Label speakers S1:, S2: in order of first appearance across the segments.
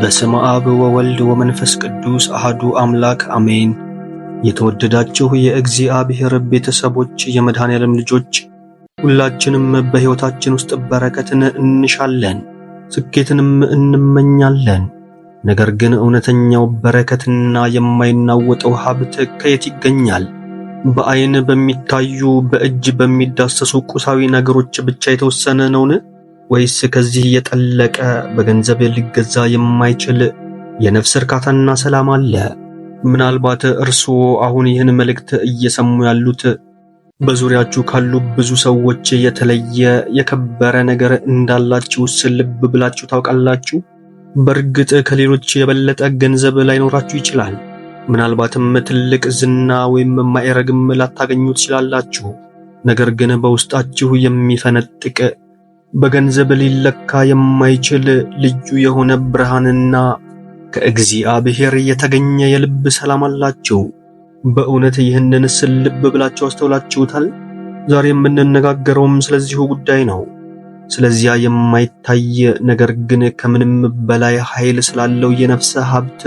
S1: በስመ አብ ወወልድ ወመንፈስ ቅዱስ አህዱ አምላክ አሜን። የተወደዳችሁ የእግዚአብሔር ቤተሰቦች፣ የመድኃኔዓለም ልጆች ሁላችንም በሕይወታችን ውስጥ በረከትን እንሻለን፣ ስኬትንም እንመኛለን። ነገር ግን እውነተኛው በረከትና የማይናወጠው ሀብት ከየት ይገኛል? በአይን በሚታዩ በእጅ በሚዳሰሱ ቁሳዊ ነገሮች ብቻ የተወሰነ ነውን? ወይስ ከዚህ የጠለቀ በገንዘብ ሊገዛ የማይችል የነፍስ እርካታና ሰላም አለ? ምናልባት እርስዎ አሁን ይህን መልእክት እየሰሙ ያሉት በዙሪያችሁ ካሉ ብዙ ሰዎች የተለየ የከበረ ነገር እንዳላችሁስ ልብ ብላችሁ ታውቃላችሁ? በእርግጥ ከሌሎች የበለጠ ገንዘብ ላይኖራችሁ ይችላል። ምናልባትም ትልቅ ዝና ወይም ማዕረግም ላታገኙ ትችላላችሁ። ነገር ግን በውስጣችሁ የሚፈነጥቅ በገንዘብ ሊለካ የማይችል ልዩ የሆነ ብርሃንና ከእግዚአብሔር የተገኘ የልብ ሰላም አላቸው። በእውነት ይህንን ስል ልብ ብላችሁ አስተውላችሁታል? ዛሬ የምንነጋገረውም ስለዚሁ ጉዳይ ነው። ስለዚያ የማይታይ ነገር ግን ከምንም በላይ ኃይል ስላለው የነፍስ ሀብት፣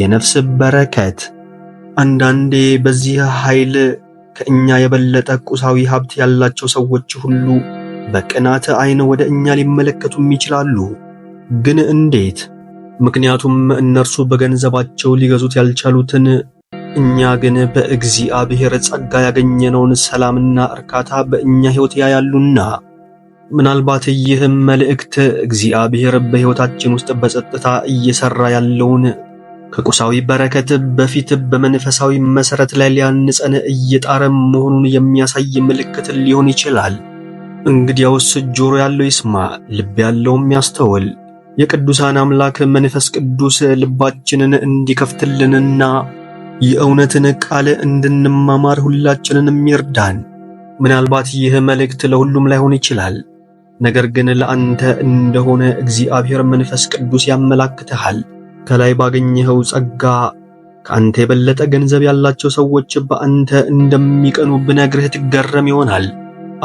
S1: የነፍስ በረከት። አንዳንዴ በዚህ ኃይል ከእኛ የበለጠ ቁሳዊ ሀብት ያላቸው ሰዎች ሁሉ በቅናተ ዓይን ወደ እኛ ሊመለከቱም ይችላሉ። ግን እንዴት? ምክንያቱም እነርሱ በገንዘባቸው ሊገዙት ያልቻሉትን እኛ ግን በእግዚአብሔር ጸጋ ያገኘነውን ሰላምና እርካታ በእኛ ሕይወት ያያሉና ምናልባት ይህም መልእክት እግዚአብሔር በሕይወታችን ውስጥ በጸጥታ እየሰራ ያለውን ከቁሳዊ በረከት በፊት በመንፈሳዊ መሰረት ላይ ሊያንጸን እየጣረ መሆኑን የሚያሳይ ምልክት ሊሆን ይችላል። እንግዲያውስ ጆሮ ያለው ይስማ፣ ልብ ያለውም ያስተውል። የቅዱሳን አምላክ መንፈስ ቅዱስ ልባችንን እንዲከፍትልንና የእውነትን ቃል እንድንማማር ሁላችንንም ይርዳን። ምናልባት ይህ መልእክት ለሁሉም ላይሆን ይችላል። ነገር ግን ለአንተ እንደሆነ እግዚአብሔር መንፈስ ቅዱስ ያመላክትሃል። ከላይ ባገኘኸው ጸጋ ከአንተ የበለጠ ገንዘብ ያላቸው ሰዎች በአንተ እንደሚቀኑ ብነግርህ ትገረም ይሆናል።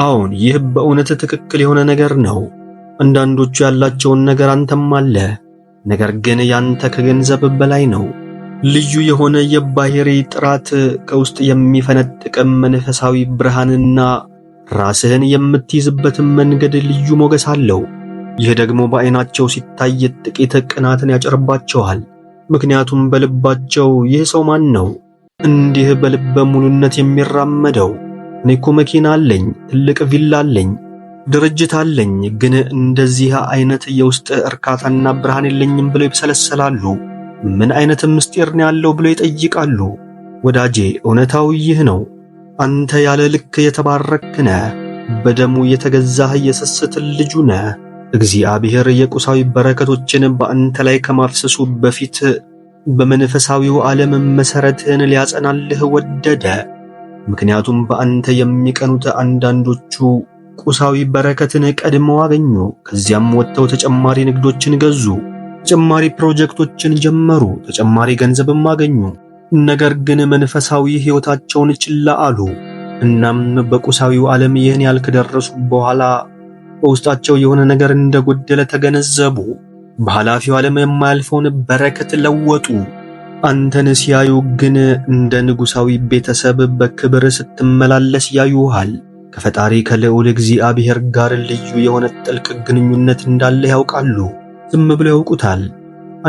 S1: አሁን ይህ በእውነት ትክክል የሆነ ነገር ነው። አንዳንዶቹ ያላቸውን ነገር አንተም አለ፣ ነገር ግን ያንተ ከገንዘብ በላይ ነው። ልዩ የሆነ የባህሪ ጥራት፣ ከውስጥ የሚፈነጥቅ መንፈሳዊ ብርሃንና ራስህን የምትይዝበትን መንገድ ልዩ ሞገስ አለው። ይህ ደግሞ በዓይናቸው ሲታይ ጥቂት ቅናትን ያጨርባቸዋል። ምክንያቱም በልባቸው ይህ ሰው ማን ነው እንዲህ በልበ ሙሉነት የሚራመደው እኔ እኮ መኪና አለኝ፣ ትልቅ ቪላ አለኝ፣ ድርጅት አለኝ፣ ግን እንደዚህ አይነት የውስጥ እርካታና ብርሃን የለኝም ብለው ይብሰለሰላሉ። ምን አይነት ምስጢር ነው ያለው ብለው ይጠይቃሉ። ወዳጄ እውነታው ይህ ነው። አንተ ያለ ልክ የተባረክ ነህ። በደሙ የተገዛህ የስስት ልጁ ነህ። እግዚአብሔር የቁሳዊ በረከቶችን በአንተ ላይ ከማፍሰሱ በፊት በመንፈሳዊው ዓለም መሰረትህን ሊያጸናልህ ወደደ። ምክንያቱም በአንተ የሚቀኑት አንዳንዶቹ ቁሳዊ በረከትን ቀድመው አገኙ። ከዚያም ወጥተው ተጨማሪ ንግዶችን ገዙ፣ ተጨማሪ ፕሮጀክቶችን ጀመሩ፣ ተጨማሪ ገንዘብም አገኙ። ነገር ግን መንፈሳዊ ሕይወታቸውን ችላ አሉ። እናም በቁሳዊው ዓለም ይህን ያህል ከደረሱ በኋላ በውስጣቸው የሆነ ነገር እንደጎደለ ተገነዘቡ። በኃላፊው ዓለም የማያልፈውን በረከት ለወጡ። አንተን ሲያዩ ግን እንደ ንጉሣዊ ቤተሰብ በክብር ስትመላለስ ያዩሃል። ከፈጣሪ ከልዑል እግዚአብሔር ጋር ልዩ የሆነ ጥልቅ ግንኙነት እንዳለ ያውቃሉ። ዝም ብለው ያውቁታል።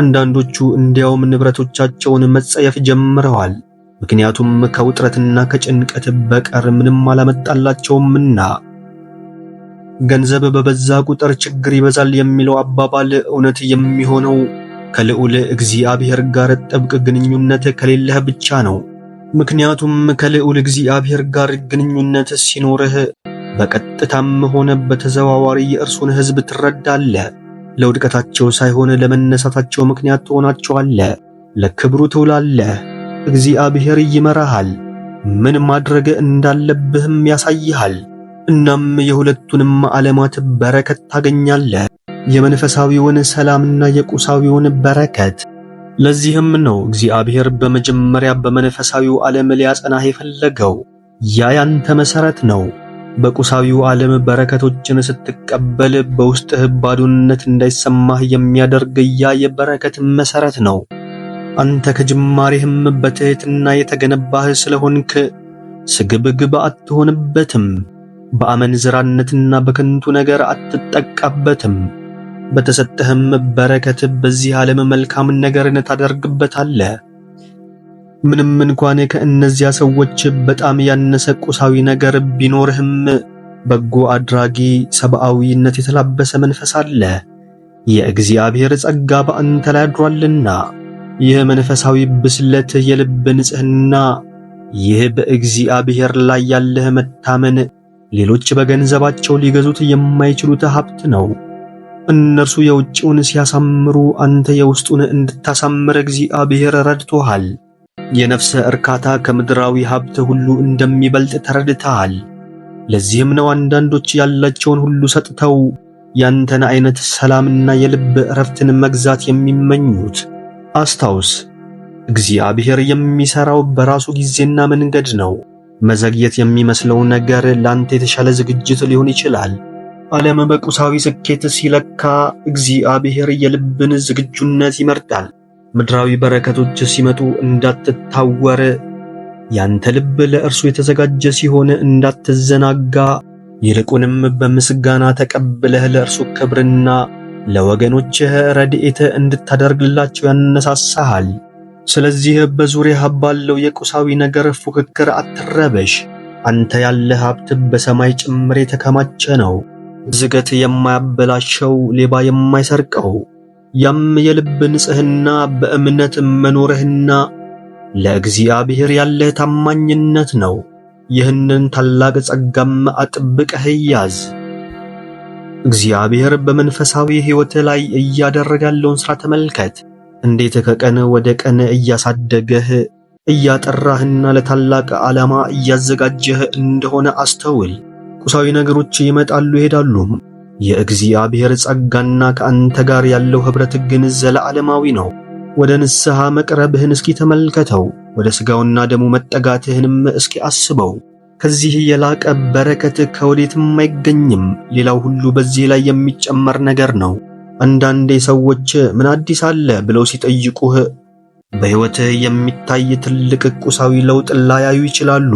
S1: አንዳንዶቹ እንዲያውም ንብረቶቻቸውን መጸየፍ ጀምረዋል። ምክንያቱም ከውጥረትና ከጭንቀት በቀር ምንም አላመጣላቸውምና። ገንዘብ በበዛ ቁጥር ችግር ይበዛል የሚለው አባባል እውነት የሚሆነው ከልዑል እግዚአብሔር ጋር ጥብቅ ግንኙነት ከሌለህ ብቻ ነው። ምክንያቱም ከልዑል እግዚአብሔር ጋር ግንኙነት ሲኖርህ በቀጥታም ሆነ በተዘዋዋሪ የእርሱን ሕዝብ ትረዳለህ። ለውድቀታቸው ሳይሆን ለመነሳታቸው ምክንያት ትሆናቸዋለህ። ለክብሩ ትውላለህ። እግዚአብሔር ይመራሃል፣ ምን ማድረግ እንዳለብህም ያሳይሃል። እናም የሁለቱንም ዓለማት በረከት ታገኛለህ። የመንፈሳዊውን ሰላምና የቁሳዊውን በረከት። ለዚህም ነው እግዚአብሔር በመጀመሪያ በመንፈሳዊው ዓለም ሊያጸናህ የፈለገው። ያ ያንተ መሠረት ነው። በቁሳዊው ዓለም በረከቶችን ስትቀበል በውስጥህ ባዶነት እንዳይሰማህ የሚያደርግ ያ የበረከት መሠረት ነው። አንተ ከጅማሬህም በትሕትና የተገነባህ ስለሆንክ ስግብግብ አትሆንበትም። በአመንዝራነትና በከንቱ ነገር አትጠቃበትም። በተሰጠህም በረከት በዚህ ዓለም መልካም ነገርን ታደርግበታለህ። ምንም እንኳን ከእነዚያ ሰዎች በጣም ያነሰ ቁሳዊ ነገር ቢኖርህም በጎ አድራጊ ሰብአዊነት የተላበሰ መንፈስ አለ። የእግዚአብሔር ጸጋ በአንተ ላይ አድሯልና ይህ መንፈሳዊ ብስለት፣ የልብ ንጽህና ይህ በእግዚአብሔር ላይ ያለህ መታመን ሌሎች በገንዘባቸው ሊገዙት የማይችሉት ሀብት ነው። እነርሱ የውጭውን ሲያሳምሩ አንተ የውስጡን እንድታሳምር እግዚአብሔር ረድቶሃል። የነፍስ እርካታ ከምድራዊ ሀብት ሁሉ እንደሚበልጥ ተረድተሃል። ለዚህም ነው አንዳንዶች ያላቸውን ሁሉ ሰጥተው ያንተን አይነት ሰላምና የልብ እረፍትን መግዛት የሚመኙት። አስታውስ፣ እግዚአብሔር የሚሰራው በራሱ ጊዜና መንገድ ነው። መዘግየት የሚመስለው ነገር ላንተ የተሻለ ዝግጅት ሊሆን ይችላል። ዓለም በቁሳዊ ስኬት ሲለካ እግዚአብሔር የልብን ዝግጁነት ይመርጣል። ምድራዊ በረከቶች ሲመጡ እንዳትታወር፣ ያንተ ልብ ለእርሱ የተዘጋጀ ሲሆን እንዳትዘናጋ፣ ይልቁንም በምስጋና ተቀብለህ ለእርሱ ክብርና ለወገኖችህ ረድኤት እንድታደርግላቸው ያነሳሳሃል። ስለዚህ በዙሪያ ባለው የቁሳዊ ነገር ፉክክር አትረበሽ። አንተ ያለህ ሀብት በሰማይ ጭምር የተከማቸ ነው። ዝገት የማያበላሸው ሌባ የማይሰርቀው ያም የልብ ንጽህና በእምነት መኖርህና ለእግዚአብሔር ያለህ ታማኝነት ነው። ይህንን ታላቅ ጸጋም አጥብቀህ ያዝ። እግዚአብሔር በመንፈሳዊ ሕይወት ላይ እያደረገ ያለውን ሥራ ተመልከት። እንዴት ከቀን ወደ ቀን እያሳደገህ እያጠራህና ለታላቅ ዓላማ እያዘጋጀህ እንደሆነ አስተውል። ቁሳዊ ነገሮች ይመጣሉ ይሄዳሉ። የእግዚአብሔር ጸጋና ከአንተ ጋር ያለው ኅብረት ግን ዘለዓለማዊ ነው። ወደ ንስሐ መቅረብህን እስኪ ተመልከተው። ወደ ሥጋውና ደሙ መጠጋትህንም እስኪ አስበው። ከዚህ የላቀ በረከት ከወዴትም አይገኝም። ሌላው ሁሉ በዚህ ላይ የሚጨመር ነገር ነው። አንዳንዴ ሰዎች ምን አዲስ አለ ብለው ሲጠይቁህ በሕይወትህ የሚታይ ትልቅ ቁሳዊ ለውጥ ላያዩ ይችላሉ።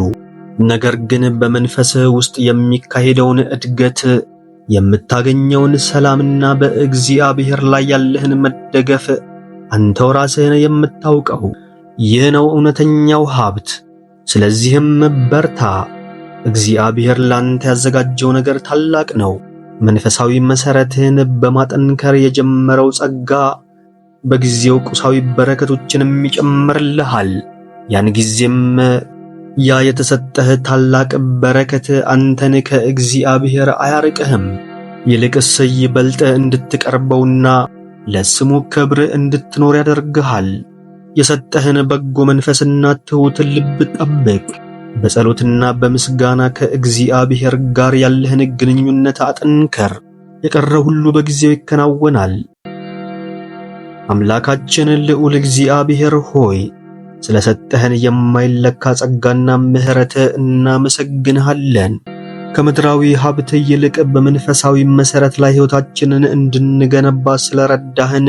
S1: ነገር ግን በመንፈስህ ውስጥ የሚካሄደውን እድገት የምታገኘውን ሰላምና በእግዚአብሔር ላይ ያለህን መደገፍ አንተው ራስህን የምታውቀው ይህ ነው እውነተኛው ሀብት። ስለዚህም በርታ። እግዚአብሔር ላንተ ያዘጋጀው ነገር ታላቅ ነው። መንፈሳዊ መሰረትህን በማጠንከር የጀመረው ጸጋ በጊዜው ቁሳዊ በረከቶችንም ይጨምርልሃል። ያን ጊዜም ያ የተሰጠህ ታላቅ በረከት አንተን ከእግዚአብሔር አያርቅህም፣ ይልቅስ ይበልጥ እንድትቀርበውና ለስሙ ክብር እንድትኖር ያደርግሃል። የሰጠህን በጎ መንፈስና ትሑትን ልብ ጠብቅ። በጸሎትና በምስጋና ከእግዚአብሔር ጋር ያለህን ግንኙነት አጠንከር። የቀረ ሁሉ በጊዜው ይከናወናል። አምላካችን ልዑል እግዚአብሔር ሆይ ስለሰጠህን የማይለካ ጸጋና ምሕረት እናመሰግንሃለን። ከምድራዊ ሀብት ይልቅ በመንፈሳዊ መሠረት ላይ ሕይወታችንን እንድንገነባ ስለረዳህን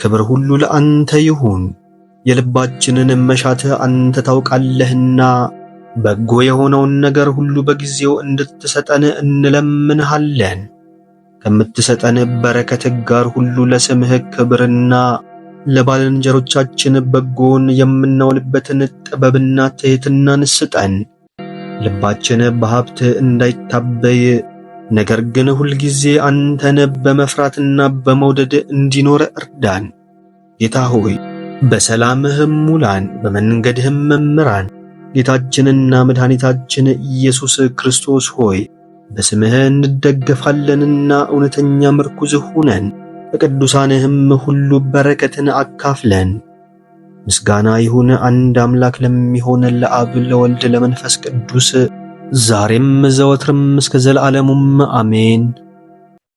S1: ክብር ሁሉ ለአንተ ይሁን። የልባችንን መሻት አንተ ታውቃለህና በጎ የሆነውን ነገር ሁሉ በጊዜው እንድትሰጠን እንለምንሃለን። ከምትሰጠን በረከት ጋር ሁሉ ለስምህ ክብርና ለባልንጀሮቻችን በጎን የምናውልበትን ጥበብና ትሕትናን ስጠን። ልባችን በሀብት እንዳይታበይ፣ ነገር ግን ሁልጊዜ አንተን በመፍራትና በመውደድ እንዲኖር እርዳን። ጌታ ሆይ በሰላምህም ሙላን፣ በመንገድህም መምራን። ጌታችንና መድኃኒታችን ኢየሱስ ክርስቶስ ሆይ በስምህ እንደገፋለንና እውነተኛ ምርኩዝ ሁነን። በቅዱሳንህም ሁሉ በረከትን አካፍለን። ምስጋና ይሁን አንድ አምላክ ለሚሆን ለአብ ለወልድ ለመንፈስ ቅዱስ ዛሬም ዘወትርም እስከ ዘላለሙም አሜን።